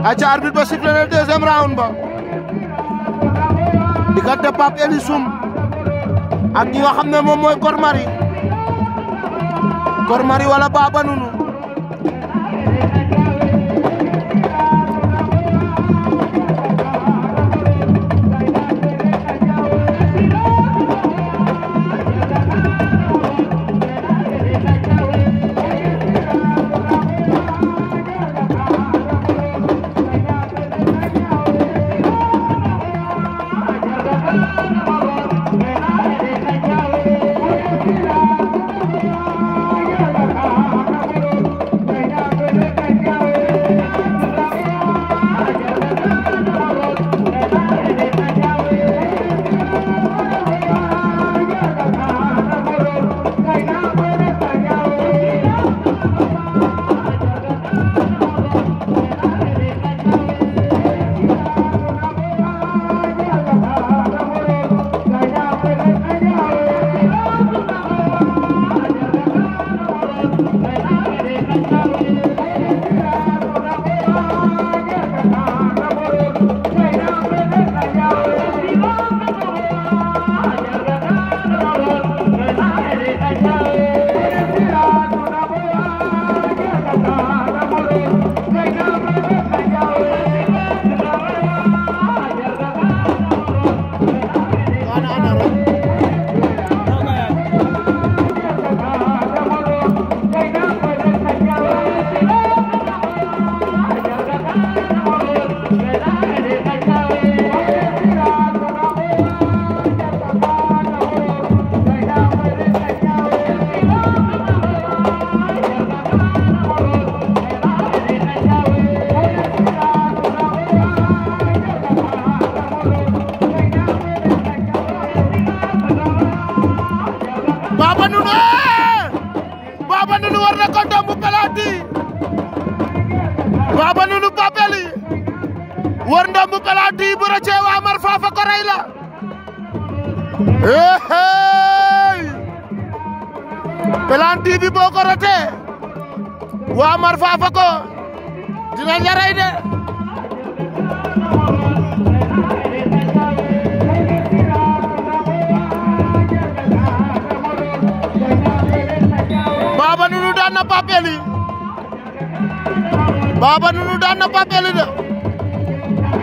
aca arbitre ba sifflé na deuxième round ba diggante Pape Eli Soum ak ñi nga xam ne moom mooy Kor Mari Kor Mari wala Baba Nunu Ndour Baba Ndour war na ko domb Baba Ndour Papeli war domb palaati bu rëccee waa Mar Fafa ko rey la boo ko rotee waa Mar Fafa ko de daan na Pape Ely Baba de